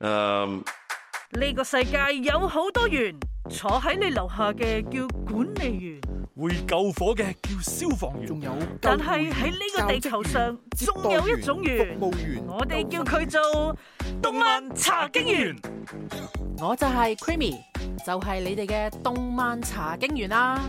誒，呢個世界有好多員，坐喺你樓下嘅叫管理員，會救火嘅叫消防員，仲有，但係喺呢個地球上，仲有一種服務員，我哋叫佢做動漫查經員。經我就係 Creamy，就係你哋嘅動漫查經員啦。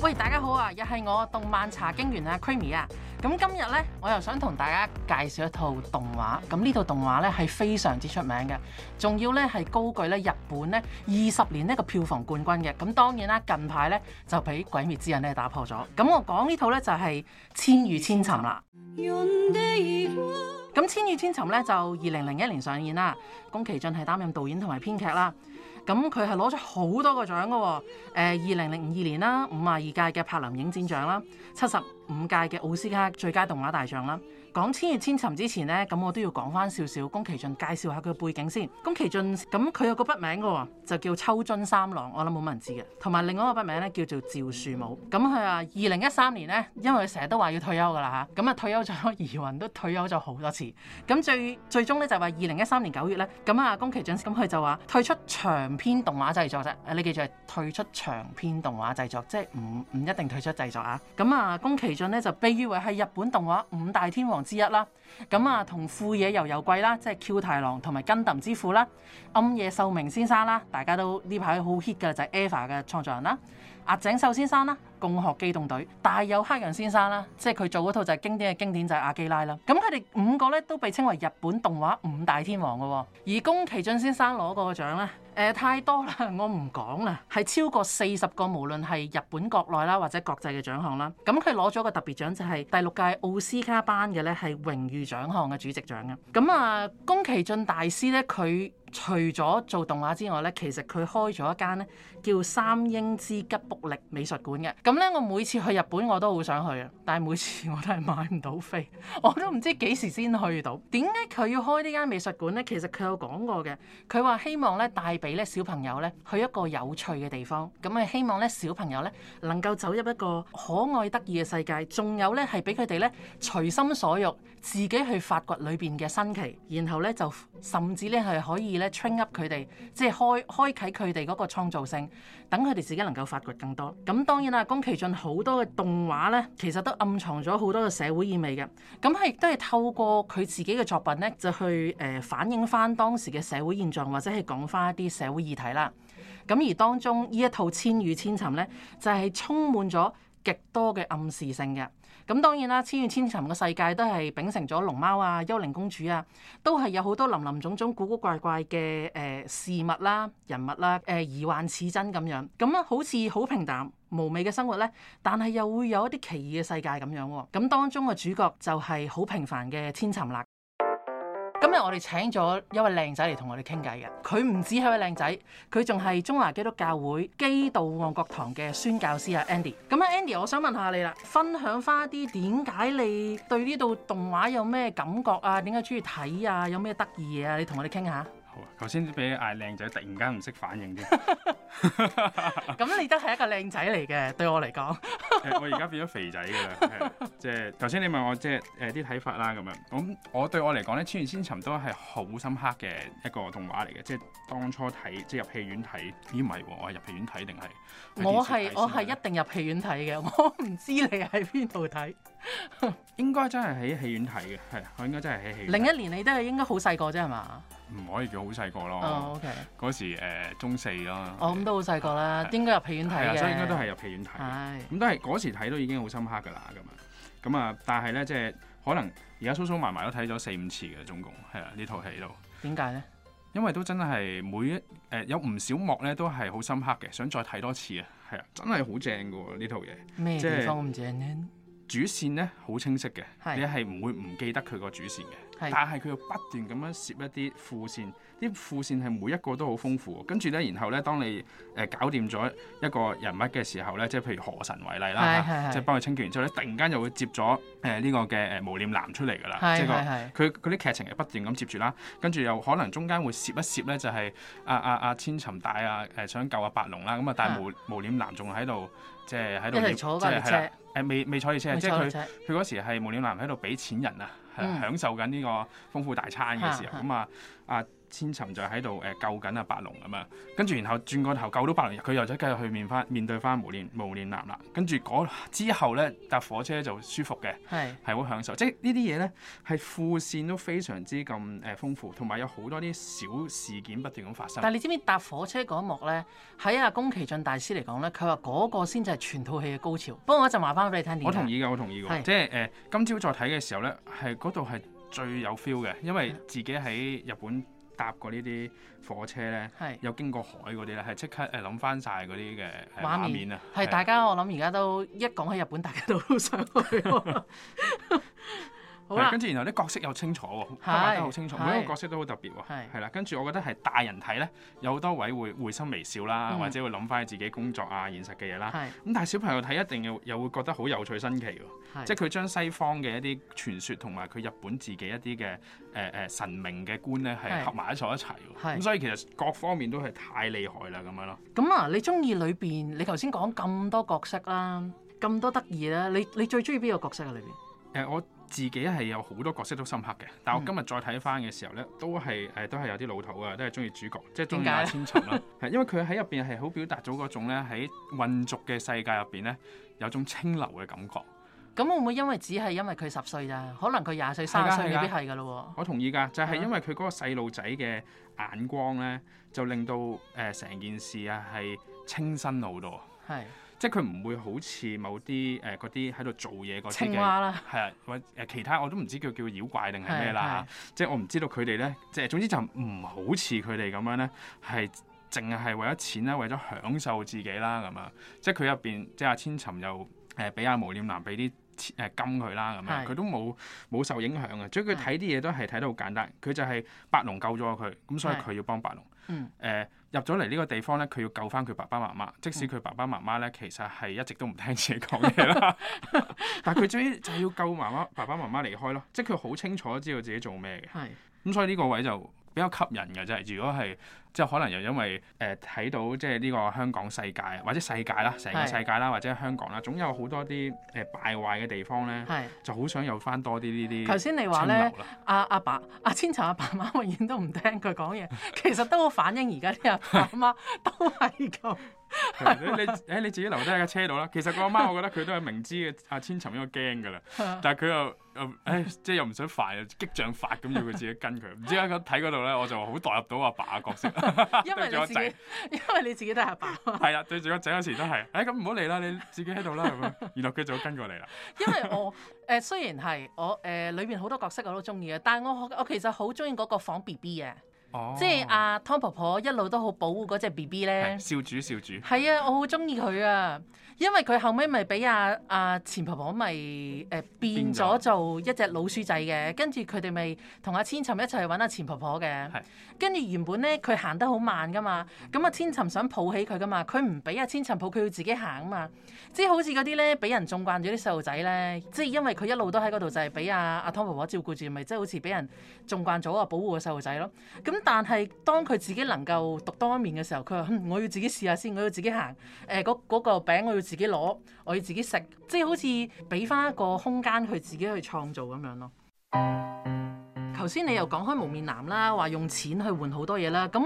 喂，大家好啊，又係我動漫查經員啊，Creamy 啊。Cream 咁今日咧，我又想同大家介紹一套動畫。咁呢套動畫咧係非常之出名嘅，仲要咧係高踞咧日本咧二十年呢個票房冠軍嘅。咁當然啦，近排咧就俾《鬼滅之刃》咧打破咗。咁我講呢套咧就係、是《千與千尋》啦。咁《千與千尋》呢咧就二零零一年上演啦，宮崎駿係擔任導演同埋編劇啦。咁佢係攞咗好多個獎噶、哦，誒、呃，二零零二年啦，五啊二屆嘅柏林影展獎啦，七十五屆嘅奧斯卡最佳動畫大獎啦。講《千與千尋》之前呢，咁我都要講翻少少宮崎駿介紹下佢嘅背景先。宮崎駿，咁佢有個筆名嘅，就叫秋津三郎，我諗冇乜人知嘅。同埋另外一個筆名呢，叫做趙樹武。咁佢話，二零一三年呢，因為佢成日都話要退休嘅啦吓，咁啊退休咗，移運都退休咗好多次。咁最最終呢，就話二零一三年九月呢。咁啊宮崎駿，咁佢就話退出長篇動畫製作啫。你記住係退出長篇動畫製作，即係唔唔一定退出製作啊。咁啊宮崎駿呢，就被譽為係日本動畫五大天王之一啦，咁啊同富野由悠季啦，即係 Q 太郎同埋 Gundam 之父啦，暗夜秀明先生啦，大家都呢排好 hit 噶，就係、是、Eva 嘅創作人啦，阿井秀先生啦。共學機動隊，大有黑人先生啦，即係佢做嗰套就係經典嘅經典就係阿基拉啦。咁佢哋五個咧都被稱為日本動畫五大天王嘅。而宮崎駿先生攞過嘅獎咧，誒、呃、太多啦，我唔講啦，係超過四十個，無論係日本國內啦或者國際嘅獎項啦。咁佢攞咗個特別獎就係、是、第六屆奧斯卡班嘅咧係榮譽獎項嘅主席獎嘅。咁啊、呃，宮崎駿大師咧佢除咗做動畫之外咧，其實佢開咗一間咧叫三英之吉卜力美術館嘅。咁咧、嗯，我每次去日本我都好想去啊，但係每次我都係買唔到飛，我都唔知幾時先去到。點解佢要開呢間美術館咧？其實佢有講過嘅，佢話希望咧帶俾咧小朋友咧去一個有趣嘅地方，咁啊希望咧小朋友咧能夠走入一個可愛得意嘅世界，仲有咧係俾佢哋咧隨心所欲，自己去發掘裏邊嘅新奇，然後咧就甚至咧係可以咧 train up 佢哋，即係開開啟佢哋嗰個創造性，等佢哋自己能夠發掘更多。咁、嗯、當然啦，崎駿好多嘅動畫咧，其實都暗藏咗好多嘅社會意味嘅，咁係亦都係透過佢自己嘅作品咧，就去誒反映翻當時嘅社會現象，或者係講翻一啲社會議題啦。咁而當中呢一套《千與千尋》咧，就係、是、充滿咗極多嘅暗示性嘅。咁當然啦、啊，千與千尋嘅世界都係秉承咗龍貓啊、幽靈公主啊，都係有好多林林總總、古古怪怪嘅誒、呃、事物啦、啊、人物啦、啊，誒、呃、疑幻似真咁樣。咁咧好似好平淡無味嘅生活咧，但係又會有一啲奇異嘅世界咁樣、啊。咁當中嘅主角就係好平凡嘅千尋啦。今日我哋請咗一位靚仔嚟同我哋傾偈嘅，佢唔止係位靚仔，佢仲係中華基督教會基道旺角堂嘅宣教師啊 Andy。咁啊 Andy，我想問下你啦，分享翻啲點解你對呢度動畫有咩感覺啊？點解中意睇啊？有咩得意嘢啊？你同我哋傾下。頭先俾你嗌靚仔，突然間唔識反應啫。咁你都係一個靚仔嚟嘅，對我嚟講。我而家變咗肥仔㗎啦，嗯，即係頭先你問我即係誒啲睇法啦咁樣。咁、嗯、我對我嚟講咧，《千與千尋》都係好深刻嘅一個動畫嚟嘅。即係當初睇，即係入戲院睇。咦？唔係喎，我係入戲院睇定係？我係我係一定入戲院睇嘅。我唔知你喺邊度睇。 應該真係喺戲院睇嘅，係我應該真係喺戲院。零一年你都係應該好細個啫，係嘛？唔可以叫好細個咯，嗰、oh, okay. 時誒、呃、中四咯。我咁都好細個啦，對應該入戲院睇嘅。所以應該都係入戲院睇。咁都係嗰時睇都已經好深刻㗎啦，咁咁啊，但係咧，即係可能而家疏疏埋埋都睇咗四五次嘅總共，係啊呢套戲都。點解咧？因為都真係每一誒、呃、有唔少幕咧，都係好深刻嘅，想再睇多次啊。係啊，真係好正㗎喎呢套嘢。咩地方咁正咧？呢主線咧，好清晰嘅，你係唔會唔記得佢個主線嘅。但係佢又不斷咁樣攝一啲副線，啲副線係每一個都好豐富。跟住咧，然後咧，當你誒搞掂咗一個人物嘅時候咧，即係譬如河神為例啦，即係幫佢清潔完之後咧，突然間又會接咗誒呢個嘅誒無臉男出嚟㗎啦。即係佢佢啲劇情係不斷咁接住啦，跟住又可能中間會攝一攝咧、啊啊啊啊，就係阿阿阿千尋大阿誒想救阿白龍啦，咁啊但係無無臉男仲喺度，即係喺度。一齊坐未未坐列車，即係佢佢嗰時係無臉男喺度俾錢人啊。享受緊呢個豐富大餐嘅時候，咁啊，啊。啊千尋就喺度誒救緊阿白龍咁樣，跟住然後轉個頭救到白龍，佢又再繼續去面翻面對翻無臉無臉男啦。跟住之後咧搭火車就舒服嘅，係係好享受。即係呢啲嘢咧係副線都非常之咁誒豐富，同埋有好多啲小事件不斷咁發生。但係你知唔知搭火車嗰一幕咧，喺阿宮崎駿大師嚟講咧，佢話嗰個先至係全套戲嘅高潮。不過我一陣話翻俾你聽，點解。我同意㗎，我同意㗎，即係誒、呃、今朝再睇嘅時候咧，係嗰度係最有 feel 嘅，因為自己喺日本。搭過呢啲火車咧，是有經過海嗰啲咧，係即刻誒諗翻晒嗰啲嘅畫面啊！係，大家，我諗而家都一講起日本，大家都好想去啊。 跟住好、啊、然後啲角色又清楚喎、哦，畫埋都好清楚，是每一個角色都好特別喎、哦，係是啦。跟住我覺得係大人睇咧，有好多位會會心微笑啦，嗯、或者會諗翻起自己工作啊、現實嘅嘢啦。咁是但係小朋友睇一定又又會覺得好有趣新奇喎，是即係佢將西方嘅一啲傳說同埋佢日本自己一啲嘅誒誒神明嘅觀咧係合埋一坐一齊喎。咁是所以其實各方面都係太厲害啦咁樣咯。咁啊，你中意裏邊？你頭先講咁多角色啦，咁多得意啦，你你最中意邊個角色啊？裏邊？誒、呃、我。自己係有好多角色都深刻嘅，但我今日再睇翻嘅時候咧，都係誒都係有啲老土啊，都係中意主角，即係中意阿千尋啦，係 因為佢喺入邊係好表達咗嗰種咧喺混濁嘅世界入邊咧有種清流嘅感覺。咁、嗯、會唔會因為只係因為佢十歲咋？可能佢廿歲、三十歲未必係㗎咯。我同意㗎，就係、係、因為佢嗰個細路仔嘅眼光咧，就令到誒成、呃、件事啊係清新好多。係。即係佢唔會好似某啲誒嗰啲喺度做嘢嗰啲嘅，係啊蛙，或者其他我都唔知叫叫妖怪定係咩啦。是是即我唔知道佢哋咧，即係總之就唔好似佢哋咁樣咧，係淨係係為咗錢啦，為咗享受自己啦咁樣。即佢入邊，即阿、啊、千尋又誒俾阿無臉男俾啲誒金佢啦咁樣，佢是是 都冇冇受影響嘅，所以佢睇啲嘢都係睇得好簡單。佢是是 就係白龍救咗佢，咁所以佢要幫白龍。嗯，誒入咗嚟呢個地方咧，佢要救翻佢爸爸媽媽，即使佢爸爸媽媽咧，其實係一直都唔聽自己講嘢啦， 但佢終於就要救媽媽爸爸媽媽離開咯，即係佢好清楚知道自己做咩嘅，咁是、嗯、所以呢個位就，比較吸引嘅啫，如果係即係可能又因為誒睇、呃、到即係呢個香港世界或者世界啦，成個世界啦，是或者香港啦，總有好多啲誒敗壞嘅地方咧，是就好想有翻多啲呢啲。頭、啊啊、先你話咧阿阿爸阿千尋阿爸媽永遠都唔聽佢講嘢， 其實都反映而家啲阿爸阿媽 都係咁。 你你誒你自己留低喺車度啦。其實個阿媽，我覺得佢都係明知嘅阿、啊、千尋應該驚噶啦，但係佢又又誒，即係又唔想煩，激將法咁要佢自己跟佢。唔知啊，咁睇嗰度咧，我就好代入到阿爸嘅角色， 因為 對住個仔。因為你自己，因為你自己都係阿爸。係 啊，對住個仔有時都係。誒、哎，咁唔好嚟啦，你自己喺度啦，係咪？然後佢就跟過嚟啦。 因為我誒、呃、雖然係我誒、呃、裏邊好多角色我都中意啊，但我我其實好中意嗰個房 B B 嘅。哦、即係阿湯婆婆一路都好保護嗰隻 B B 咧，少主少主，係啊，我好中意佢啊，因為佢後尾咪俾阿阿錢婆婆咪誒、呃、變咗做一隻老鼠仔嘅，跟住佢哋咪同阿千尋一齊去搵阿錢婆婆嘅，跟住是原本咧佢行得好慢噶嘛，咁、嗯嗯、啊千尋想抱起佢噶嘛，佢唔俾阿千尋抱，佢要自己行啊嘛，即係好似嗰啲咧俾人縱慣咗啲細路仔咧，即係因為佢一路都喺嗰度就係俾阿阿湯婆婆照顧住，咪即係好似俾人縱慣咗啊保護個細路仔咯，咁。但係當佢自己能夠讀多一面嘅時候，佢話，嗯，我要自己試下先，我要自己行。誒，嗰嗰個餅我要自己攞，我要自己食。即係好似俾翻一個空間佢自己去創造咁樣咯。頭先你又講開無面男啦，話用錢去換好多嘢啦。咁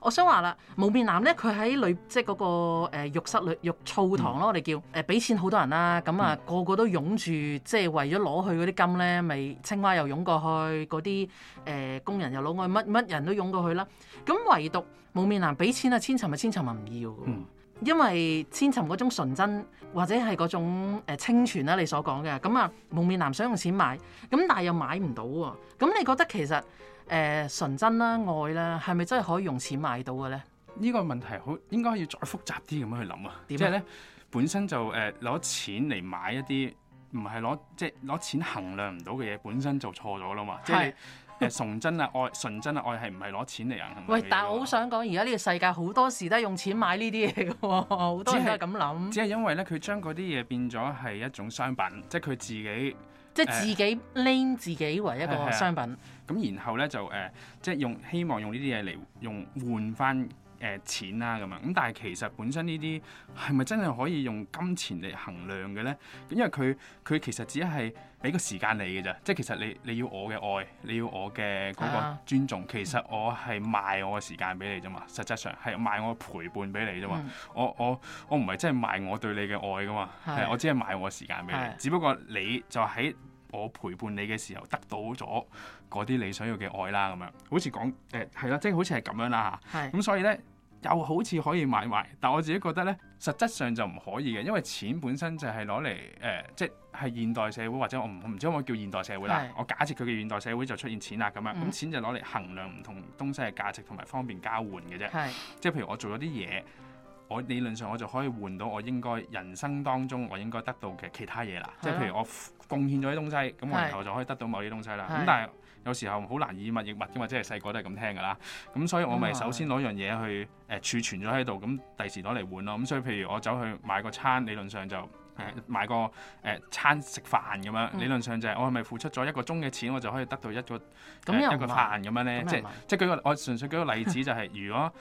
我想話啦，無面男咧，佢喺裏即係嗰個、呃、浴室裏浴澡堂咯，我哋叫誒俾、呃、錢好多人啦。咁啊、嗯、個個都湧住，即係為咗攞佢嗰啲金咧，咪青蛙又湧過去，嗰啲誒工人又攞。外，乜乜人都湧過去啦。咁唯獨無面男俾錢啊，千尋咪千尋咪唔要。嗯。因為千尋嗰種純真或者係嗰種、呃、清泉啦、啊，你所講嘅咁啊，蒙面男想用錢買咁，但係又買唔到喎、啊。咁你覺得其實誒、呃、純真啦、啊、愛啦、啊，係咪真係可以用錢買到嘅咧？呢個問題好應該要再複雜啲咁樣去諗啊，點咧、啊？本身就誒攞、呃、錢嚟買一啲唔係攞即係攞錢衡量唔到嘅嘢，本身就錯咗啦嘛，即係是。誒、 啊、純真啊，愛是是，愛純真啊，愛係唔係攞錢嚟啊？喂，但係我好想講，而家呢個世界好多時都係用錢買呢啲嘢嘅喎，好 多人都係咁諗。 只係因為咧，佢將嗰啲嘢變咗係一種商品，即係佢自己，即係自己拎自己為一個商品。咁然後咧就誒，即、嗯、係、就是、用希望用呢啲嘢嚟用換翻。誒錢啊咁樣，咁但係其實本身呢啲係咪真係可以用金錢嚟衡量嘅咧？因為佢佢其實只係俾個時間你嘅啫，即係其實你你要我嘅愛，你要我嘅嗰個尊重，是啊、其實我係賣我嘅時間俾你啫嘛，實際上係賣我陪伴俾你啫嘛是、啊，我我我唔係真係賣我對你嘅愛噶嘛，係是、啊啊、我只係賣我時間俾你，是啊、只不過你就喺，我陪伴你嘅時候得到咗嗰啲你想要嘅愛啦，咁樣好似講誒係啦，即係好似係咁樣啦吓，咁所以呢，又好似可以買埋。但我自己覺得呢，實質上就唔可以嘅，因為錢本身就係攞嚟誒，即係現代社會或者我唔唔知可唔可以叫現代社會啦。是我假設佢嘅現代社會就出現錢啦咁樣，咁、嗯、錢就攞嚟衡量唔同東西嘅價值同埋方便交換嘅啫。是即係譬如我做咗啲嘢。我理論上我就可以換到我應該人生當中我應該得到嘅其他嘢啦，即係譬如我貢獻咗啲東西，咁我然後就可以得到某啲東西啦。咁但係有時候好難以物易物嘅，或者係細個都係咁聽㗎啦。咁所以我咪首先攞樣嘢去誒儲存咗喺度，咁第時攞嚟換咯。咁所以譬如我走去買個餐，理論上就買個誒餐食飯咁樣，理論上就係我係咪付出咗一個鐘嘅錢，我就可以得到一個一個飯咁樣咧？即係即係舉個我純粹舉個例子就係如果。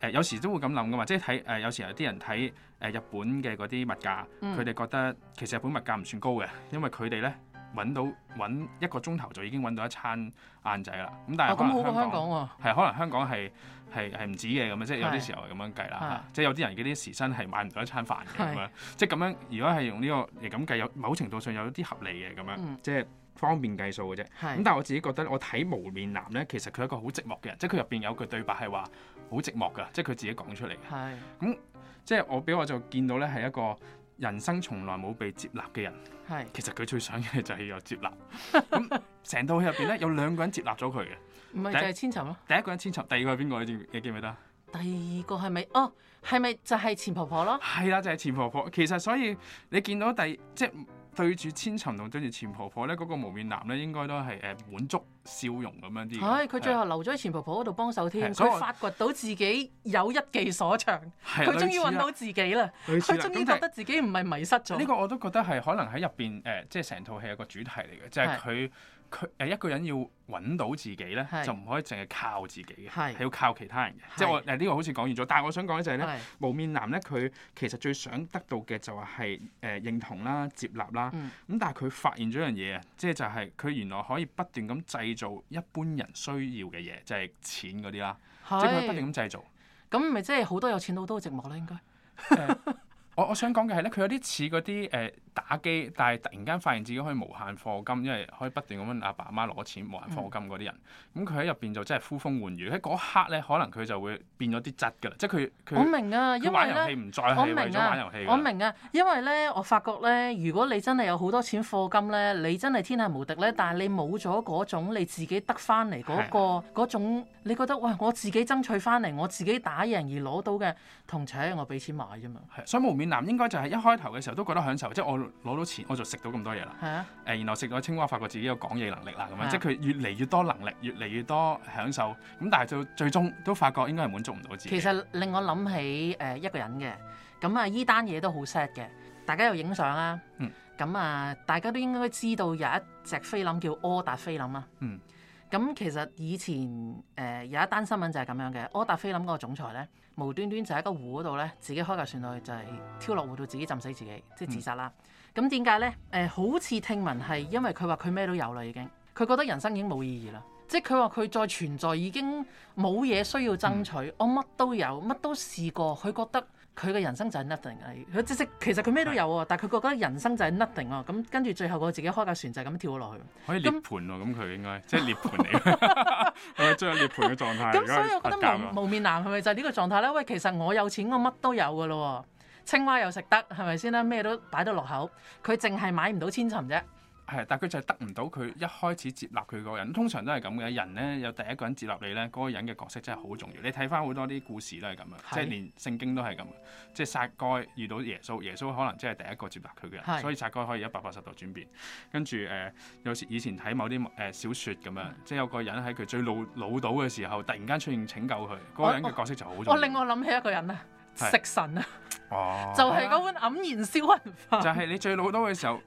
誒、呃、有時都會咁諗噶嘛，即係睇誒有時有啲人睇誒、呃、日本嘅嗰啲物價，佢哋、嗯、覺得其實日本物價唔算高嘅，因為佢哋咧揾到揾一個鐘頭就已經揾到一餐晏仔啦。咁但係香港係可能香港係係唔止嘅，咁，即係有啲時候係咁樣計啦。即係有啲人嗰啲時薪係買唔到一餐飯嘅咁樣，即係咁樣。如果係用呢個嚟咁計，某程度上有啲合理嘅咁樣，嗯、即係。方便計數嘅啫，咁是但係我自己覺得我睇無面男咧，其實佢係一個好寂寞嘅人，即係佢入邊有句對白係話好寂寞嘅，即係佢自己講出嚟。係是，咁、嗯、即係我俾我就見到咧係一個人生從來冇被接納嘅人。係是，其實佢最想嘅就係有接納。咁成套戲入邊咧有兩個人接納咗佢嘅，唔係是一就係千尋咯。第一個人千尋，第二個係邊個？你記唔記得？第二個係咪？哦，係咪就係錢婆婆咯？係啦， 就係、是、錢婆婆。其實所以你見到第即係。對住千尋同對住錢婆婆咧，嗰、那個無面男咧應該都係誒、呃、滿足笑容咁樣啲嘅。佢、哎、最後留咗喺錢婆婆嗰度幫手添，佢的發掘到自己有一技所長，佢的終於搵到自己啦，佢終於覺得自己唔係迷失咗。呢、就是這個我都覺得係可能喺入邊誒，即係成套戲一個主題嚟嘅，即係佢。佢誒一個人要揾到自己咧，是就唔可以淨係靠自己嘅，係是要靠其他人嘅。是即係我誒呢、這個好似講完咗，但係我想講嘅就係、是、咧，是無面男咧佢其實最想得到嘅就係、是、誒、呃、認同啦、接納啦。咁、嗯、但係佢發現咗一樣嘢啊，即係就係、是、佢原來可以不斷咁製造一般人需要嘅嘢，就係、是、錢嗰啲啦，是即係佢不斷咁製造。咁咪即係好多有錢佬都寂寞啦，應該。 我我想講嘅係咧，佢有啲似嗰啲誒打機，但係突然間發現自己可以無限課金，因為可以不斷咁樣阿爸阿媽攞錢無限課金嗰啲人，咁佢喺入邊就真係呼風喚雨。喺嗰刻咧，可能佢就會變咗啲質㗎啦，即係佢佢我明啊，因為我明啊，因為咧我發覺咧，如果你真係有好多錢課金咧，你真係天下無敵咧，但係你冇咗嗰種你自己得翻嚟嗰個嗰、啊、種，你覺得喂我自己爭取翻嚟，我自己打贏而攞到嘅，同請我俾錢買啫嘛。所以冇。越南應該就係一開頭嘅時候都覺得享受，即係我攞到錢我就食到咁多嘢啦。係啊，誒、呃，然後食咗青蛙，發覺自己有講嘢能力啦咁、啊、樣，即係佢越嚟越多能力，越嚟越多享受。咁但係就最終都發覺應該係滿足唔到自己。其實令我諗起誒一個人嘅。咁啊依單嘢都好 sad 嘅。大家有影相啦，咁啊、嗯、大家都應該知道有一隻菲林叫柯達菲林啊。嗯。咁其實以前誒有一單新聞就係咁樣嘅，柯達菲林嗰個總裁咧，無端端就喺個湖嗰度咧，自己開架船去就係、是、跳落湖度自己浸死自己，即係自殺啦。咁點解咧？誒，好似聽聞係因為佢話佢咩都有啦已經，佢覺得人生已經冇意義啦。即係佢話佢再存在已經冇嘢需要爭取，嗯、我乜都有，乜都試過，佢覺得。佢嘅人生就係 nothing 啊！佢即係其實佢咩都有喎，但係佢覺得人生就係 nothing 啊！咁跟住最後個自己開架船就咁跳落去。可以涅槃喎！咁佢那應該即係涅槃嚟。我喺追涅槃嘅狀態。咁 那所以我覺得無面男係咪就係呢個狀態咧？喂，其實我有錢，我乜都有㗎啦！青蛙又食得，係咪先啦？咩都擺到落口，佢淨係買唔到千尋啫。係，但佢就係得唔到佢一開始接納佢個人，通常都係咁嘅。人咧，有第一個人接納你咧，嗰、那個人嘅角色真係好重要。你睇翻好多啲故事都係咁嘅，是即係連聖經都係咁。即係撒該遇到耶穌，耶穌可能真係第一個接納佢嘅人，的所以撒該可以一百八十度轉變。跟住誒，有、呃、時以前睇某啲誒小說咁樣，即係有個人喺佢最老老到嘅時候，突然間出現拯救佢，嗰、那個人嘅角色就好重要。我，我，我，我令我諗起一個人啊，食神啊，是哇就係嗰碗黯然銷魂飯。就係你最老到嘅時候。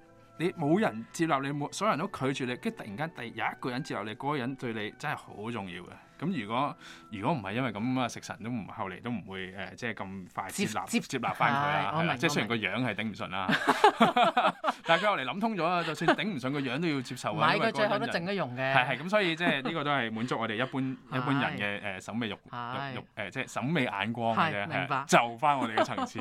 你冇人接納你，冇，所有人都拒絕你，跟住突然間第有一個人接納你，嗰個人對你真係好重要嘅。咁如果如果唔係因為咁啊，食神都唔後嚟都唔會，誒，即係咁快接納接接納翻佢啦。即係雖然個樣係頂唔順啦，但係佢後嚟諗通咗啦，就算頂唔順個樣都要接受啊。買個嘴都整咗容嘅。係，係咁，所以即係呢個都係滿足我哋一般一般人嘅，誒審美慾慾，誒，即係審美眼光嘅，係就翻我哋嘅層次。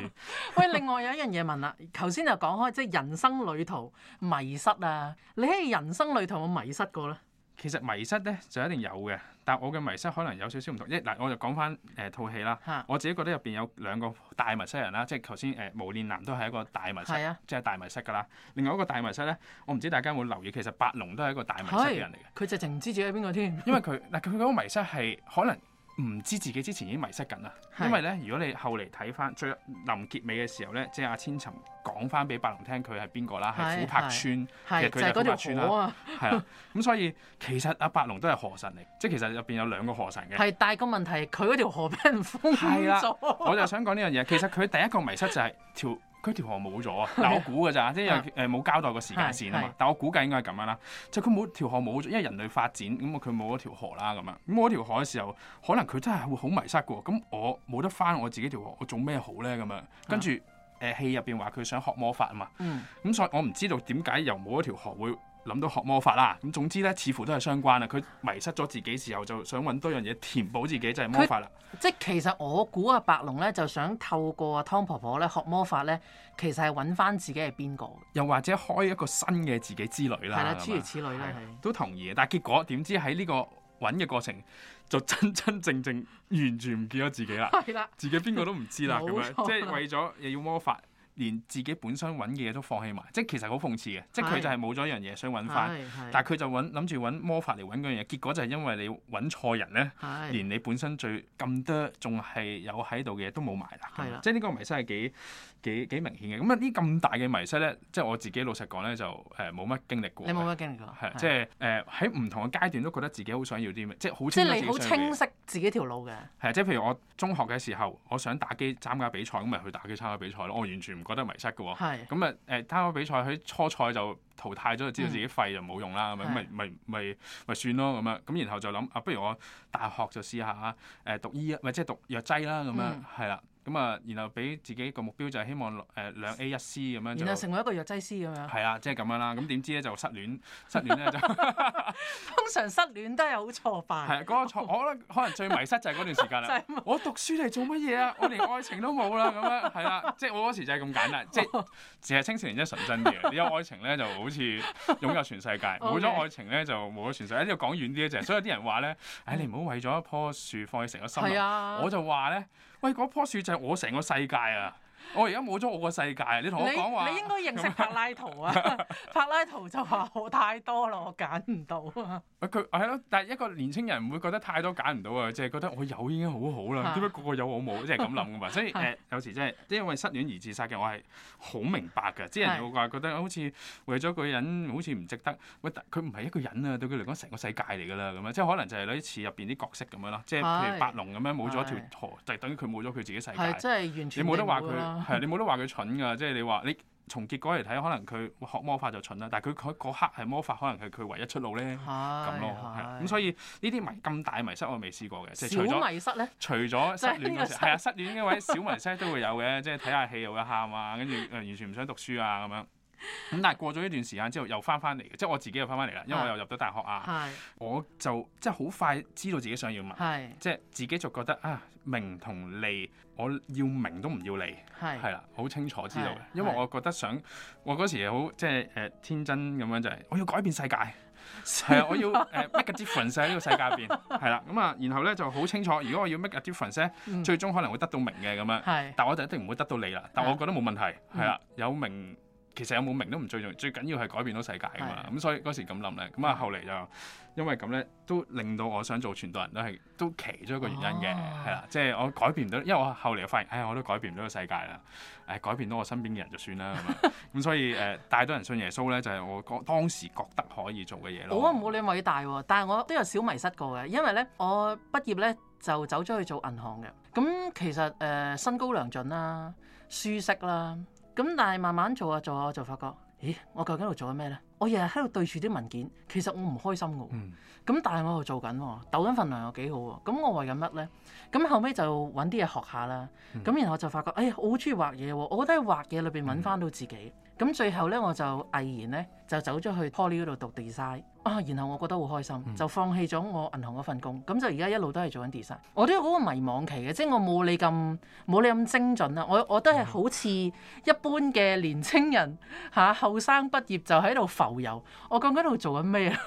喂，另外有一樣嘢問啦，頭先就講開即係人生旅途迷失啊，你喺人生旅途有冇迷失過咧？其實迷失咧就一定有嘅，但我嘅迷失可能有少少唔同。一嗱，我就講翻誒套戲啦。啊、我自己覺得入邊有兩個大迷失人啦，即係頭先誒無臉男都係一個大迷失，即係、啊、大迷失噶啦。另外一個大迷失咧，我唔知大家有冇留意，其實白龍都係一個大迷失嘅人嚟嘅。佢就直情唔知自己係邊個添。因為佢嗱，佢嗰個迷失係可能。唔知自己之前已經迷失緊啊！是因為咧，如果你後嚟睇翻最臨結尾嘅時候咧，即係阿、啊、千尋講翻俾白龍聽佢係邊個啦，係是琥珀川，是其實川就係嗰條河啊，係啊！咁所以其實阿、啊、白龍都係河神嚟，即係其實入邊有兩個河神嘅。係，但係個問題，佢嗰條河俾人封咗。啦、啊，我就想講呢樣嘢。其實佢第一個迷失就係條。 佢條河冇咗啊！但我估嘅咋， 即係誒冇交代個時間線啊嘛。 但我估計應該係咁樣啦，就佢、係、冇條河冇咗，因為人類發展咁佢冇咗條河啦咁啊。咁冇咗條河嘅時候，可能佢真係會好迷失嘅喎。咁我冇得翻我自己條河，我做咩好咧咁啊？樣 跟住誒、呃、戲入邊話佢想學魔法啊嘛。 嗯。咁所以我唔知道點解又冇咗條河會。諗到學魔法啦，咁總之咧，似乎都係相關啦。佢迷失咗自己時候，就想揾多樣嘢填補自己，就係、是、魔法啦。即係其實我估阿白龍咧就想透過阿湯婆婆咧學魔法咧，其實係揾返自己係邊個。又或者開一個新嘅自己之旅啦，係啦吧，諸如此類啦，是是是都同意啊，但係結果點知喺呢個揾嘅過程就真真正正，正完全唔見咗自己對啦，係啦，自己邊個都唔知啦，咁樣即係為咗又要魔法。連自己本身揾嘅嘢都放棄埋，即其實好諷刺嘅。的即佢就係冇咗一樣嘢想揾返，但佢就揾諗住揾魔法嚟揾嗰樣嘢，結果就係因為你揾錯人咧，的連你本身最咁多仲係有喺度嘅嘢都冇埋啦。即呢個迷失係幾幾幾明顯嘅，咁啊呢咁大嘅迷失咧，即係我自己老實講咧，就誒冇乜經歷過。你冇乜經歷過？即係誒喺唔同嘅階段都覺得自己好想要啲，咩？即係好清晰自己條路嘅。係即係譬如我中學嘅時候，我想打機參加比賽，咁咪去打機參加比賽咯。我完全唔覺得迷失㗎喎。係的。咁啊誒參加比賽喺初賽就淘汰咗，就知道自己廢就冇用啦，咁咪咪咪咪算咯咁啊！咁然後就諗啊，不如我大學就試下誒、呃、讀醫啊，咪即係讀藥劑啦咁樣係啦。嗯咁啊，然後俾自己個目標就係希望落誒兩 A 一 C 咁樣，然後成為一個藥劑師咁樣。係啦，即係咁樣啦。咁點知咧就失戀，失戀咧就通常失戀都係好挫敗。係嗰個挫，可能可能最迷失就係嗰段時間啦。我讀書嚟做乜嘢啊？我連愛情都冇啦咁樣。係啦，即係我嗰時就係咁簡單。即係其實青少年真係純真嘅。你有愛情咧就好似擁有全世界，冇咗愛情咧就冇咗全世界。呢度講遠啲咧就係，所以有啲人話咧，唉，你唔好為咗一棵樹放棄成個森林。」我就話咧。喂，嗰棵樹就係我成個世界啊！我而家冇咗我個世界啊！你同我講話，你應該認識柏拉圖啊！ 柏拉圖就話好太多啦，我揀唔到。佢係咯，但係一個年青人唔會覺得太多揀唔到啊，即係覺得我有已經好好啦。點解個個有我冇？即係咁諗噶嘛。所以誒是、呃，有時即、就、係、是、因為失戀而自殺嘅，我係好明白嘅。啲、就是、人哋會話覺得好似為咗個人好似唔值得。喂，佢唔係一個人啊，對佢嚟講成個世界嚟㗎啦。咁啊，即係可能就係類似入邊啲角色咁樣啦。即係譬如白龍咁樣冇咗條河，是就係等於佢冇咗佢自己世界。你冇得話佢。係啊， 你冇得話佢蠢㗎，即係你話你從結果嚟睇，可能佢學魔法就蠢啦。但係佢佢嗰刻係魔法，可能係佢唯一出路咧，咁 咯。咁 所以呢啲迷咁大迷失我未試過嘅，即係除咗失 除咗失戀嗰時係 啊失戀嗰位小迷失都會有嘅， 即係睇下戲又會喊啊，跟住誒完全唔想讀書啊咁樣。咁但係過咗一段時間之後又翻翻嚟嘅，即係我自己又翻翻嚟啦，因為我又入咗大學啊，我就即係好快知道自己想要乜，即係自己就覺得啊，名同利，我要名都唔要利，係啦，好清楚知道嘅，因為我覺得想我嗰時好即係誒天真咁樣就係，我要改變世界，成日我要 make a difference 喺呢個世界入邊，係啦，咁啊，然後咧就好清楚，如果我要 make a difference 咧，最終可能會得到名嘅咁樣，但我就一定唔會得到利啦，但我覺得冇問題，係啦，有名。其實有冇名都唔最重要，最緊要係改變到世界㗎嘛。咁的所以嗰時咁諗咧，咁啊後嚟就因為咁咧，都令到我想做傳道人都係都其中一個原因嘅，係啦、哦。即係、就是、我改變唔到，因為我後嚟又發現，哎我都改變唔到個世界啦。誒改變到我身邊嘅人就算啦咁 所以誒帶、呃、多人信耶穌咧，就係、是、我當時覺得可以做嘅嘢啦。 我冇你偉大，但係我都有少迷失過嘅，因為咧我畢業咧就走咗去做銀行嘅。咁其實誒薪、呃、高糧準啦，舒適啦。咁但係慢慢做下、啊、做下、啊、我就發覺，咦，我究竟喺度做緊咩咧？我日日喺度對住啲文件，其實我唔開心噶。咁、嗯、但係我喺度做緊、啊，抖緊份量又幾好喎、啊。咁、嗯嗯、我為緊乜咧？咁後尾就揾啲嘢學下啦。咁然後，就，、啊、然後我就發覺，哎呀，我好中意畫嘢喎、啊。我覺得喺畫嘢裏邊揾翻到自己。嗯咁最後咧，我就毅然咧就走咗去 Poly 嗰度讀 design 啊，然後我覺得好開心，就放棄咗我銀行嗰份工，咁就而家一路都係做緊 design。我都有個好迷茫期嘅，即係我冇你咁冇你咁精準啦，我我都係好似一般嘅年青人嚇，後、啊、生畢業就喺度浮遊。我究竟喺度做緊咩啊？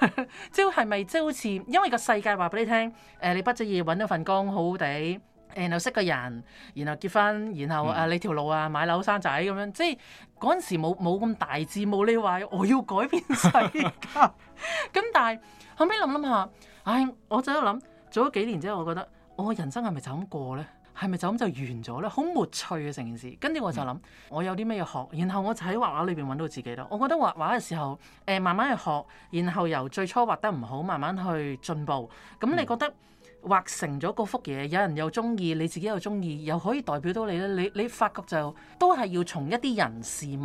即係係咪即係好似因為個世界話俾你聽，誒、呃、你畢咗業揾到份工好好地？然後識個人，然後結婚，然後誒、嗯啊、你條路啊買樓生仔咁樣，即係嗰陣時冇冇咁大志，冇你話我要改變世界。咁 但係後尾諗諗下，唉、哎，我就喺度諗做咗幾年之後，我覺得我、哦、人生係咪就咁過咧？係咪就咁就完咗咧？好沒趣嘅成件事。跟住我就諗，嗯、我有啲咩嘢學？然後我就喺畫畫裏邊揾到自己咯。我覺得畫畫嘅時候誒、呃，慢慢去學，然後由最初畫得唔好，慢慢去進步。咁你覺得？嗯畫成咗嗰幅嘢，有人又中意，你自己又中意，又可以代表到你咧。你你發覺就都係要從一啲人事物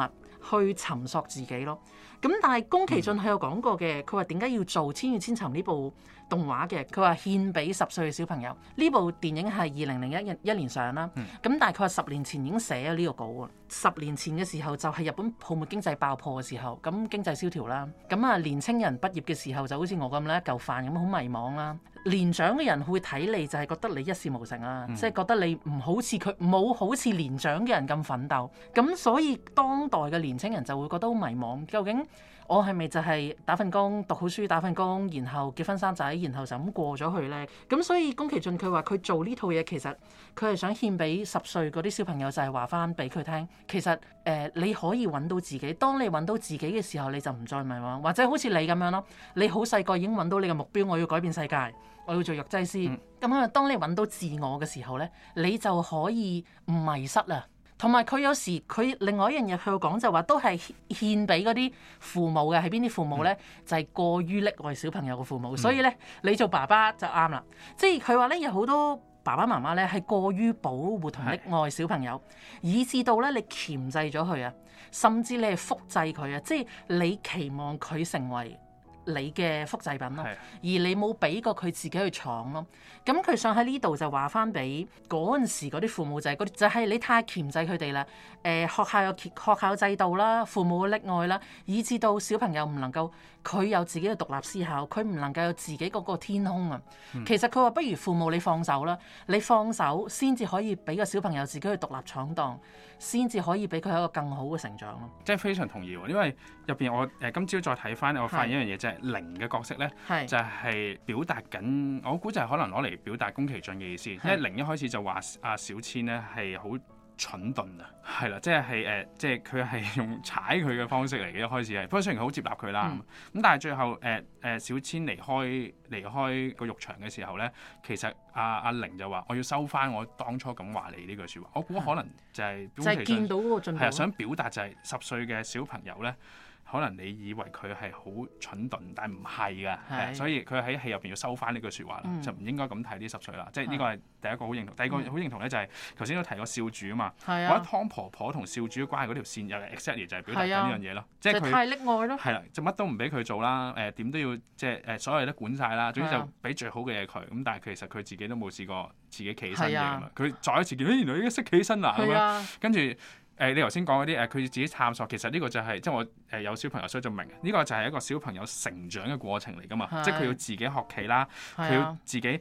去尋索自己咯。咁但係宮崎駿係有講過嘅，佢話點解要做《千與千尋》呢部？動畫嘅，佢話獻俾十歲嘅小朋友。呢部電影係二零零一一年上啦。咁但係佢話十年前已經寫咗呢個稿喎。十年前嘅時候就係日本泡沫經濟爆破嘅時候，咁經濟蕭條啦。咁啊，年青人畢業嘅時候就好似我咁咧，一嚿飯咁，好迷茫啦。年長嘅人會睇你就係覺得你一事無成啦，即係、嗯、覺得你唔好似佢，冇好似年長嘅人咁奮鬥。咁所以當代嘅年青人就會覺得好迷茫，究竟？我係咪就係打份工、讀好書、打份工，然後結婚生仔，然後就咁過咗去呢？咁所以宮崎駿佢話佢做呢套嘢，其實佢係想獻俾十歲嗰啲小朋友，就係話翻俾佢聽，其實誒、呃、你可以揾到自己，當你揾到自己嘅時候，你就唔再迷茫，或者好似你咁樣咯，你好細個已經揾到你嘅目標，我要改變世界，我要做藥劑師。咁啊、嗯，當你揾到自我嘅時候呢，你就可以唔迷失啦。同埋佢有時佢另外一樣嘢佢會講就話都係獻俾嗰啲父母嘅，係邊啲父母咧？是就係過於溺愛小朋友嘅父母。所以咧，你做爸爸就啱啦。嗯、即係佢話咧，有好多爸爸媽媽咧係過於保護同溺愛小朋友，是以致到咧你鉗制咗佢啊，甚至你係複製佢啊，即係你期望佢成為。你嘅複製品咯，的而你冇俾過佢自己去闖咯。咁佢想喺呢度就話翻俾嗰陣時嗰啲父母仔，嗰啲就係、是、你太鉗制佢哋啦。誒、呃，學校有學校制度啦，父母嘅溺愛啦，以致到小朋友唔能夠。佢有自己嘅獨立思考，佢唔能夠有自己嗰個天空啊。嗯、其實佢話不如父母你放手啦，你放手先至可以俾個小朋友自己去獨立闖蕩，先至可以俾佢有一個更好嘅成長咯。即係非常同意，因為入邊我今朝再睇返，我發現一樣嘢，是就係零嘅角色呢，是就係表達緊。我估就係可能攞嚟表達宮崎駿嘅意思，是因為零一開始就話阿小千呢係好。蠢鈍啊，係啦，即係誒、呃，即係佢係用踩佢嘅方式嚟嘅一開始啊，不過雖然佢好接納佢啦，咁、嗯、但係最後誒誒、呃呃、小千離開離開個浴場嘅時候咧，其實阿、啊、阿、啊、玲就話我要收翻我當初咁話你呢句説話，我估可能就係即係見到嗰個進步係、啊、想表達就係十歲嘅小朋友咧。可能你以為佢係好蠢鈍，但係唔係噶，所以佢喺戲入邊要收翻呢句説話啦，就唔應該咁睇呢十歲啦。即係呢個係第一個好認同，第二個好認同咧就係頭先都提過少主啊嘛。我覺得湯婆婆同少主嘅關係嗰條線又係 exactly 就係表達緊呢樣嘢咯。即係太溺愛咯。係啦，就乜都唔俾佢做啦。誒點都要即係誒所有都管晒啦。總之就俾最好嘅嘢佢。咁但係其實佢自己都冇試過自己企起身嘅嘛。佢再一次見到原來已經識企起身啦咁樣，跟住。誒、呃，你頭先講嗰啲誒，佢、呃、自己探索，其實呢個就係即係我誒有小朋友，所以就明，呢、這個就係一個小朋友成長嘅過程嚟噶嘛，啊、即係佢要自己學企啦，佢、啊、要自己誒誒、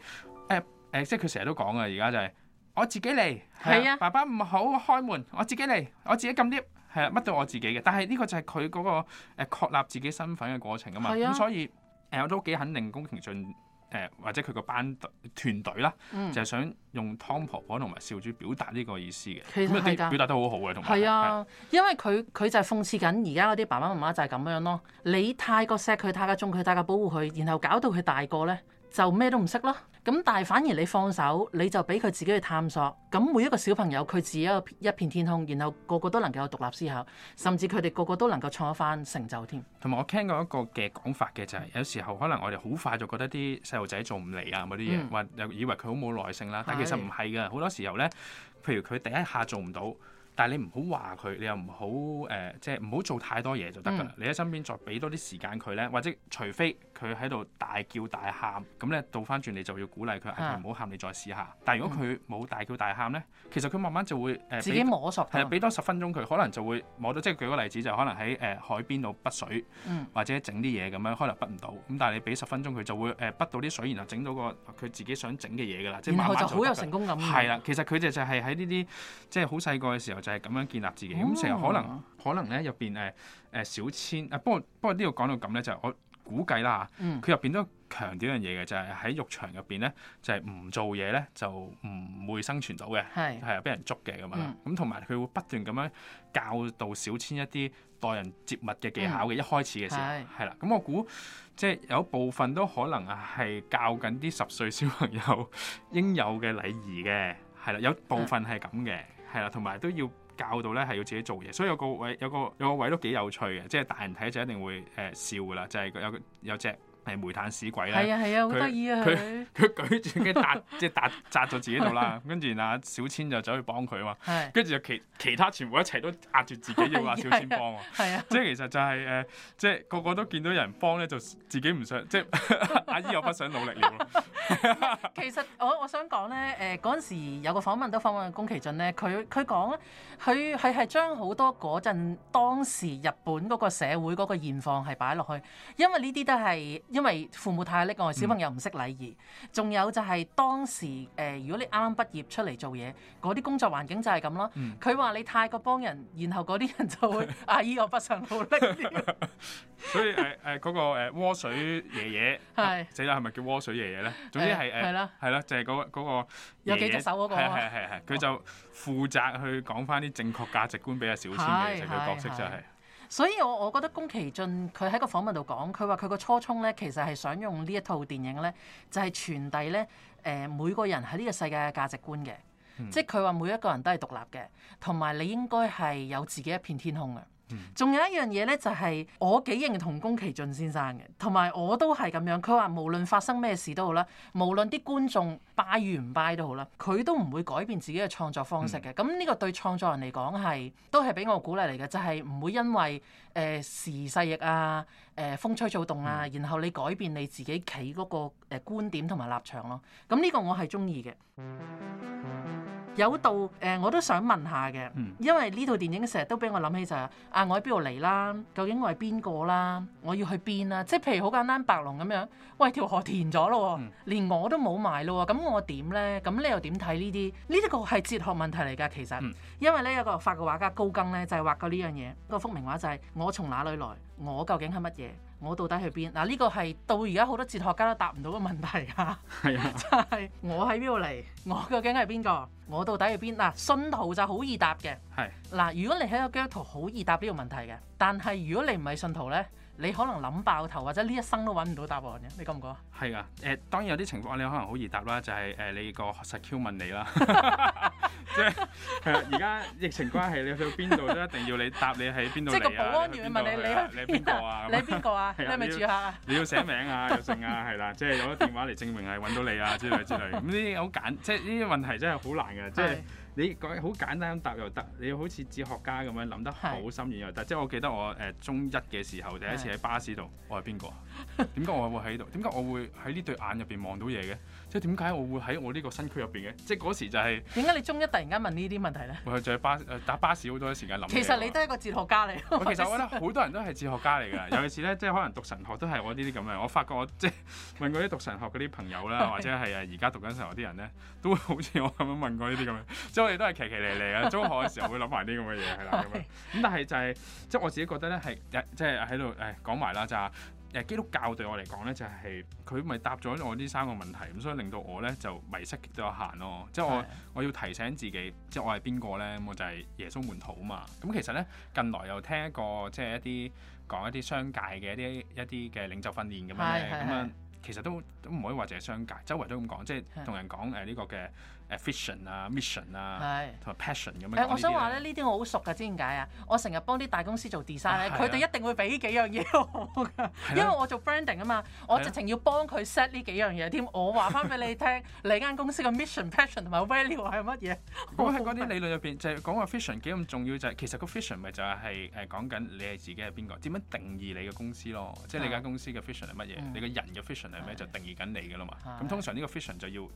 呃呃，即係佢成日都講嘅而家就係、是、我自己嚟，係啊，啊爸爸唔好開門，我自己嚟，我自己撳 lift，係啊，乜都我自己嘅，但係呢個就係佢嗰個誒、呃、確立自己身份嘅過程啊嘛，咁、啊、所以、呃、我都幾肯定宮崎駿。誒或者佢個班隊團隊啦，嗯、就係想用湯婆婆同埋少主表達呢個意思嘅，咁啊表達得好好嘅，同埋係啊，是因為佢佢就係諷刺緊而家嗰啲爸爸媽媽就係咁樣咯，你太過錫佢，太過縱佢，太過保護佢，然後搞到佢大個咧就咩都唔識咯。咁但係反而你放手，你就俾佢自己去探索。咁每一個小朋友佢自己一個一片天空，然後個個都能夠獨立思考，甚至佢哋個個都能夠創一番成就添。同埋我聽過一個嘅講法嘅就係、是，有時候可能我哋好快就覺得啲細路仔做唔嚟啊嗰啲嘢，或又以為佢好冇耐性啦，但其實唔係噶。好多時候咧，譬如佢第一下做唔到，但係你唔好話佢，你又唔好誒，即係唔好做太多嘢就得啦。嗯、你喺身邊再俾多啲時間佢咧，或者除非。佢喺度大叫大喊，咁咧倒翻轉，你就要鼓勵佢，唔好喊，你再試下。但係如果佢冇大叫大喊咧，其實佢慢慢就會誒、呃、自己摸索，係俾、啊、多十分鐘佢，可能就會摸到。即係舉個例子，就可能喺誒、呃、海邊度濺水，或者整啲嘢咁樣，可能濺唔到。咁但係你俾十分鐘佢，就會誒、呃、濺到啲水，然後整到個佢自己想整嘅嘢㗎啦。即慢慢然後就好有成功感。係啦，其實佢哋就係喺呢啲即係好細個嘅時候就係咁樣建立自己。咁成日可能可能咧入邊誒誒小千啊，不過不過呢度講到咁咧，就是、我。估計啦，佢入邊都強調一樣嘢嘅，就係、是、喺浴場入邊咧，就係、是、唔做嘢咧就唔會生存到嘅，係係啊，俾人捉嘅咁樣啊，咁同埋佢會不斷咁樣教導小千一啲待人接物嘅技巧嘅，嗯、一開始嘅時候係啦，咁是我估即係有部分都可能係教緊啲十歲小朋友應有嘅禮儀嘅，係啦，有部分係咁嘅，係啦、嗯，同埋都要。教到咧係要自己做嘢，所以有個位有個有個位都幾有趣嘅，即係大人睇就一定會誒笑噶啦，就係有有隻。係煤炭屎鬼咧！係啊係啊，好得意啊佢佢、啊、舉住嘅砸即係砸砸咗自己度啦，跟住 啊小千就走去幫佢啊嘛，跟住就其其他全部一齊都壓住自己要話小千幫 啊，啊即係其實就係、是、誒、呃、即係個個都見到人幫咧，就自己唔想即係 阿姨我不想努力了。 其實我我想講咧，誒嗰陣時有個訪問都訪問宮崎駿咧，佢佢講佢佢係將好多嗰陣當時日本嗰個社會嗰個現況係擺落去，因為呢啲都係。因為父母太叻我小朋友唔識禮儀。仲、嗯、有就係當時誒、呃，如果你啱啱畢業出嚟做嘢，嗰啲工作環境就係咁咯。佢話、嗯、你太過幫人，然後嗰啲人就會阿姨， 啊、我不上努力。 所以誒誒嗰個誒蝸水爺爺，係死啦，係咪叫蝸水爺爺咧？總之係係、 欸、啦，係啦，就係嗰、嗰個、嗰個、爺爺有幾隻手嗰個？係係係佢就負責去講返啲正確價值觀俾阿小千嘅其實佢角色就係、是。所以我我覺得宮崎駿佢喺個訪問度講，佢話佢個初衷咧，其實係想用呢一套電影咧，就係傳遞咧，誒每個人喺呢個世界嘅價值觀嘅，即係佢話每一個人都係獨立嘅，同埋你應該係有自己一片天空嘅。仲有一樣嘢咧，就係我幾認同宮崎駿先生嘅，同埋我都係咁樣。佢話無論發生咩事都好啦，無論啲觀眾拜 u 與唔拜都好啦，佢都唔會改變自己嘅創作方式嘅。咁呢、嗯、個對創作人嚟講係都係俾我鼓勵嚟嘅，就係、是、唔會因為誒、呃、時勢易啊、誒、呃、風吹草動啊，嗯、然後你改變你自己企嗰個誒觀點同埋立場咯、啊。咁呢個我係中意嘅。嗯有道誒、呃，我都想問下嘅，因為呢套電影成日都俾我諗起就係、是、啊，我喺邊度嚟啦？究竟我係邊個啦？我要去邊啦？即係譬如好簡單白龍咁樣，喂條河填咗咯，嗯、連我都冇埋咯，咁我點咧？咁你又點睇呢啲？呢啲個係哲學問題嚟㗎，其實，因為咧有個法國畫家高更咧就係、是、畫過呢樣嘢，嗰幅名畫就係、是、我從哪裏來，我究竟係乜嘢？我到底去邊？嗱，呢個係到而家好多哲學家都答唔到嘅問題啊！係啊，就係我喺邊度嚟？我究竟係邊個？我到底去邊？嗱、啊，信徒就好易答嘅。係嗱是、啊，如果你喺個基督徒好易答呢個問題嘅，但係如果你唔係信徒咧。你可能諗爆頭，或者呢一生都揾唔到答案嘅，你覺唔覺？係啊，誒、呃、當然有啲情況你可能好易答啦，就係、是、誒、呃、你個實 Q 問你啦，即係而家疫情關係，你去到邊度都一定要你答你喺邊度嚟，即係個保安員問你： 對你你邊個啊？你邊個啊？ 你係咪住客啊？你要寫名啊，有姓 啊，係啦，即、就、係、是、有咗電話嚟證明係揾到你啊之類之類，咁呢啲好簡，即係呢啲問題真係好難嘅，即、就、係、是。你講好簡單咁答又得，你好似哲學家咁樣諗得好深遠又得。Yes. 即係我記得我誒、呃、中一嘅時候，第一次喺巴士度，Yes. 我係邊個啊？點解 我會喺度？點解我會喺呢對眼入邊望到嘢嘅？即係點解我會喺我呢個新區入邊嘅？即係嗰時就係點解你中一突然間問呢啲問題咧？我係就係巴誒搭巴士好多時間諗。其實你都係一個哲學家嚟。我其實我覺得好多人都係哲學家嚟㗎， 尤其是咧，即係可能讀神學都係我呢啲咁嘅。我發覺我即係問過啲讀神學嗰啲朋友啦， 或者係誒而家讀緊神學啲人咧，都會好似我咁樣問過呢啲咁樣。是就是、即係我哋都係奇奇離離啊！中學嘅時候會諗埋啲咁嘅嘢係啦咁樣。咁但係就係即係我自己覺得咧係即係喺度誒講埋啦就。誒基督教對我嚟講咧就係佢咪答咗我呢三個問題，咁所以令到我咧就迷失極都有限咯。即係我的我要提醒自己，即係我係邊個咧？我就係耶穌門徒啊嘛。咁其實咧近來又聽過一個即係一啲講一啲商界嘅一啲一啲嘅領袖訓練咁樣嘅，咁啊其實都都唔可以話淨係商界，周圍都咁講，即係同人講誒呢個嘅。vision 啊，mission 啊，同埋 passion 咁樣。我想話咧，呢啲我好熟嘅，知點解啊？我成日幫啲大公司做 design 咧，佢哋一定會俾呢幾樣嘢我噶，因為我做 branding 啊嘛，我直情要幫佢 set 呢幾樣嘢添，我話翻俾你聽，你間公司嘅 mission、passion 同埋 value 係乜嘢？講喺嗰啲理論入邊，就係講個 vision 幾咁重要。就係其實個 vision 咪就係誒講緊你係自己係邊個，點樣定義你嘅公司咯？即係你間公司嘅 vision 係乜嘢？你個人嘅 vision 係咩？就定義緊你嘅啦嘛。咁通常呢個 vision 就要誒。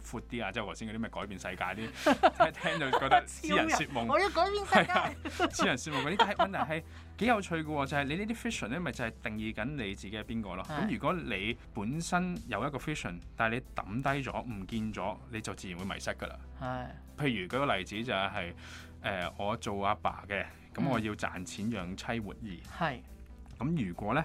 闊啲啊！即係頭先嗰啲咩改變世界啲， 聽就覺得痴人説夢。 我要改變世界，痴人説夢嗰啲。但係問題係幾有趣嘅喎，就係、是、你呢啲 vision 咧，咪就係定義緊你自己係邊個咯。咁是如果你本身有一個 vision 但係你抌低咗、唔見咗，你就自然會迷失噶啦。係是。譬如舉個例子就係、是、誒、呃，我做阿爸嘅，咁我要賺錢養妻活兒。係、嗯。咁如果咧，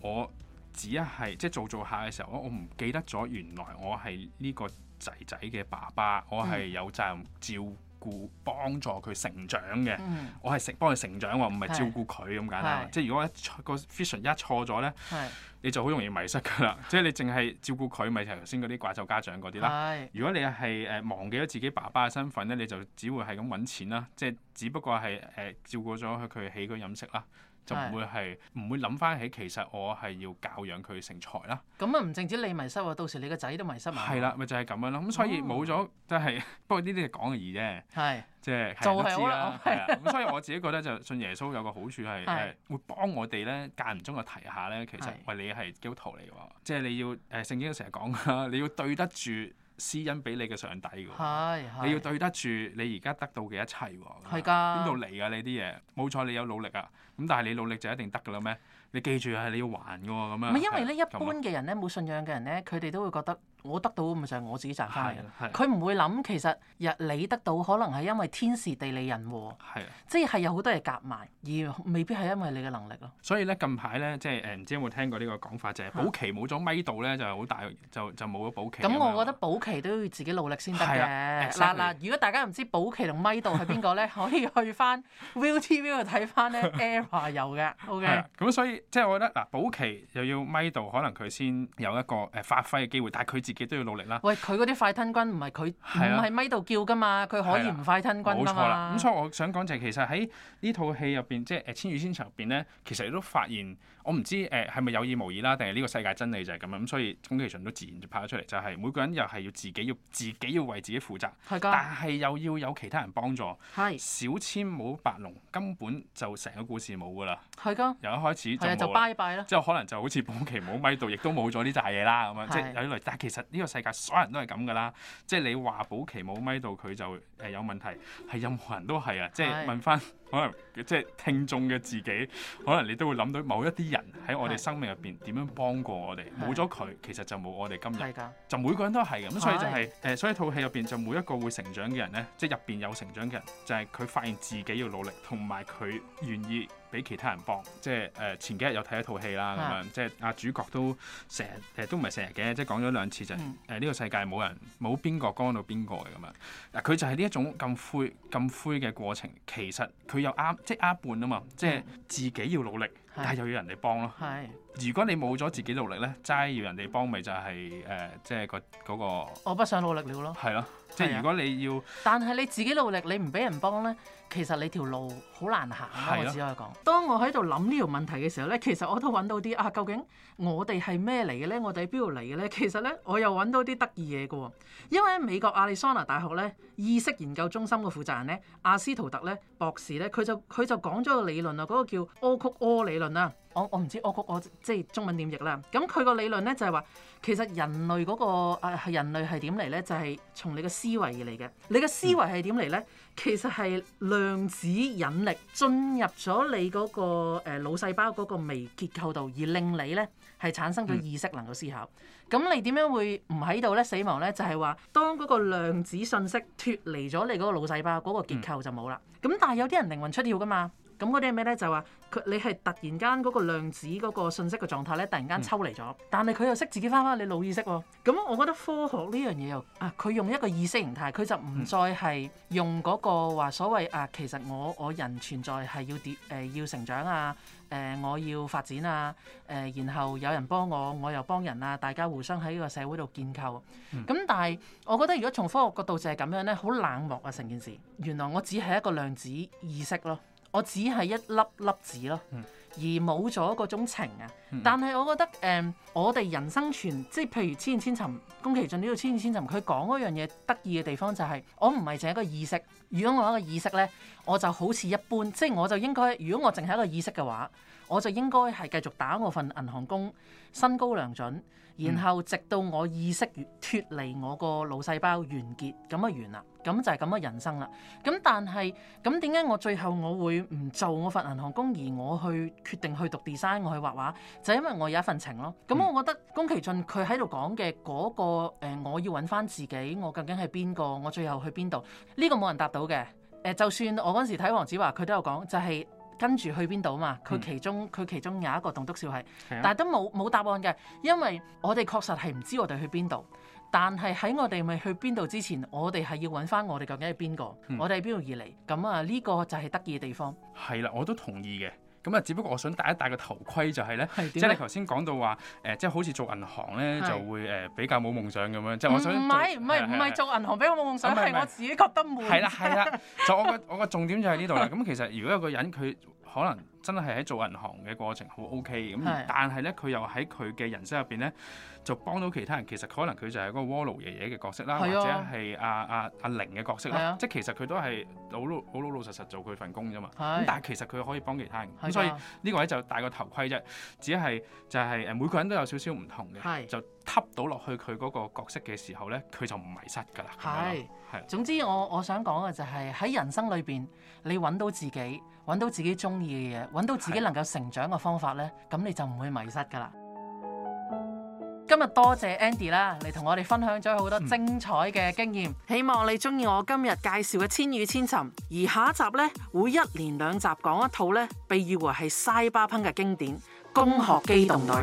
我只係即係做做下嘅時候，我我唔記得咗原來我係呢、這個仔仔嘅爸爸，我係有責任照顧、幫助佢成長嘅。嗯、我係成幫佢成長，我唔係照顧佢咁簡單。即係如果、個 fashion 一錯咗咧，是你就好容易迷失噶啦。 即係你淨係照顧佢，咪就頭先嗰啲怪獸家長嗰啲啦。是如果你係誒忘記咗自己爸爸嘅身份咧，你就只會係咁揾錢啦。即係只不過係誒、呃、照顧咗佢起居飲食啦。就唔會係唔的會諗翻起，其實我係要教養佢成才啦。咁啊，唔淨止你迷失喎，到時你個仔都迷失埋。係啦，咪就係、係、咁樣咯。咁所以冇咗都係，不過呢啲係講義啫。係的，即係就係啦。咁、哦、所以我自己覺得就信耶穌有個好處係，係會幫我哋咧間唔中就提下咧，其實喂你係基督徒嚟喎，即、就、係、係、你要誒聖經都成日講，你要對得住施恩俾你嘅上帝㗎嘛，是是你要對得住你而家得到嘅一切喎，係㗎的，邊度嚟㗎你啲嘢？冇錯，你有努力啊，咁但係你努力就一定得㗎啦咩？你記住係、啊、你要還㗎喎，咁樣。唔係因為咧，是是一般嘅人咧，冇信仰嘅人咧，佢哋都會覺得。我得到咪就係、是、我自己賺翻嚟，佢唔會諗，其實日你得到可能係因為天時地利人和，的即係有好多嘢夾埋，而未必係因為你嘅能力咯。所以咧近排咧即係誒唔知有冇聽過呢個講法，就係保期冇咗咪度咧就係好大，就就冇咗保期。咁的我覺得保期都要自己努力先得嘅。嗱嗱，如果大家唔知保期同咪度係邊個咧， 可以去翻 ViuTV 去睇翻咧 Era 有嘅。OK 咁所以即係我覺得嗱，保期又要咪度，可能佢先有一個誒發揮嘅機會，但係佢自己，都要努力啦。喂，佢嗰啲快吞君唔係佢，唔係、啊、咪度叫噶嘛？佢可以唔快吞君啊嘛。冇、啊、錯啦。咁所以我想講就係其實喺呢套戲入邊，即係誒《千與千尋》入邊咧，其實你都發現。我唔知誒係咪有意無意啦，定係呢個世界真理就係咁樣，咁所以《宮崎駿》都自然就拍咗出嚟，就係每個人又係要自己要自己要為自己負責，但係又要有其他人幫助，小千冇白龍根本就成個故事冇㗎啦，由一開始就就拜拜啦，之後可能就好似保期冇咪到，亦都冇咗呢大嘢啦咁樣，即係有啲類，但係其實呢個世界所有人都係咁㗎啦，即係你話保期冇咪到佢就誒有問題，係任何人都係啊！即係問翻。可能即係聽眾嘅自己，可能你都會諗到某一啲人喺我哋生命入邊點樣幫過我哋，冇咗佢其實就冇我哋今日，的就每個人都係嘅，咁的所以就係、是、誒的、就是，所以套戲入邊就每一個會成長嘅人呢，即係入邊有成長嘅人，就係、是、佢發現自己要努力，同埋佢願意。俾其他人幫，即係誒前幾日又睇一套戲啦咁樣，的即係阿主角都成日，其實都唔係成日嘅，即係講咗兩次就係誒呢個世界冇人冇邊個幹到邊個嘅咁樣。嗱，佢就係呢一種咁灰咁灰嘅過程，其實佢又啱，即係啱半啊嘛，即係自己要努力，的但係又要人哋幫咯。係的，如果你冇咗自己努力咧，齋要人哋幫，咪就係、是、誒、呃，即係個嗰個。我不想努力了咯。係咯。即係如果你要，但係你自己努力，你唔俾人幫咧，其實你條路好難行啦。我只可以講，的當我喺度諗呢條問題嘅時候咧，其實我都揾到啲啊，究竟我哋係咩嚟嘅咧？我哋喺邊度嚟嘅咧？其實咧，我又揾到啲得意嘢嘅喎。因為喺美國亞利桑那大學咧意識研究中心嘅負責人咧，阿斯圖特咧博士咧，佢就佢就講咗個理論啊，嗰、嗰個叫 O 曲 O, o 理論啦。我唔知我我，我即係中文點譯啦。咁佢個理論咧就係話，其實人類嗰、那個人類係點嚟咧？就係、是、從你個思維而嚟嘅。你個思維係點嚟咧？嗯、其實係量子引力進入咗你嗰、那個誒腦、呃、細胞嗰個微結構度，而令你咧係產生咗意識，能夠思考。咁、嗯、你點樣會唔喺度咧？死亡咧就係、是、話，當嗰個量子信息脱離咗你嗰個腦細胞嗰個結構就冇啦。咁、嗯、但係有啲人靈魂出竅噶嘛。咁嗰啲係咩咧？就話佢你係突然間嗰個量子嗰個信息嘅狀態咧，突然間抽離咗。嗯、但係佢又識自己翻翻你腦意識喎、哦。咁我覺得科學呢樣嘢又啊，佢用一個意識形態，佢就唔再係用嗰個話所謂啊，其實我我人存在係要點誒、呃、要成長啊誒、呃、我要發展啊誒、呃，然後有人幫我，我又幫人啊，大家互相喺呢個社會度建構。咁、嗯、但係我覺得如果從科學角度就係咁樣咧，好冷漠啊成件事。原來我只係一個量子意識咯，我只係一粒粒子咯，而冇咗嗰種情啊！但係我覺得誒、嗯，我哋人生存，即係譬如《千與千尋》宮崎駿呢度《千與千尋》，佢講嗰樣嘢得意嘅地方就係、是，我唔係淨係一個意識。如果我一個意識咧，我就好似一般，即、就、係、是、我就應該。如果我淨係一個意識嘅話，我就應該係繼續打我份銀行工，薪高糧準。然後直到我意識越脫離我個腦細胞完結，咁就完啦。咁就係咁嘅人生啦。咁但係咁點解我最後我會唔做我份銀行工，而我去決定去讀 design，我去畫畫，就因為我有一份情咯。咁我覺得宮崎駿佢喺度講嘅嗰個、呃、我要搵返自己，我究竟係邊個，我最後去邊度？呢、這個冇人答到嘅。誒、呃，就算我嗰陣時睇黃子華，佢都有講，就係、是。跟住去邊度嘛？佢其中佢、嗯、其中有一個棟篤笑係，嗯、但係都冇冇答案嘅，因為我哋確實係唔知我哋去邊度。但係喺我哋未去邊度之前，我哋係要揾翻我哋究竟係邊個，嗯、我哋喺邊度而嚟。咁啊，呢個就係得意嘅地方。係啦，我都同意嘅。咁啊，只不過我想戴一戴個頭盔就係、是、咧、呃，即係你頭先講到話誒，即係好似做銀行咧是就會誒、呃、比較冇夢想咁樣。就是我想唔係唔係唔係做銀行比較冇夢想，係是我自己覺得悶。係啦係啦，就我個 我個重點就喺呢度啦。咁其實如果有個人佢，可能真係喺做銀行嘅過程好 O K，咁但係咧佢又喺佢嘅人生入邊咧，就幫到其他人。其實可能佢就係一個鍋爐爺爺嘅角色啦，或者係阿阿阿玲嘅角色啦。即係其實佢都係好老老老實實做佢份工啫嘛。咁但係其實佢可以幫其他人。咁所以呢位就戴個頭盔啫，只係就係誒每個人都有少少唔同嘅，就揷到落去佢嗰個角色嘅時候咧，佢就唔迷失㗎喇。係，總之我我想講嘅就係喺人生裏邊，你揾到自己，揾到自己中意嘅嘢，揾到自己能夠成長嘅方法呢，咁的你就唔會迷失噶啦。今日多謝，謝 Andy 啦，你同我哋分享咗好多精彩嘅經驗。嗯，希望你中意我今日介紹嘅《千與千尋》，而下一集呢，會一連兩集講一套呢，被譽為係 Cyberpunk 嘅經典《攻殼機動隊》。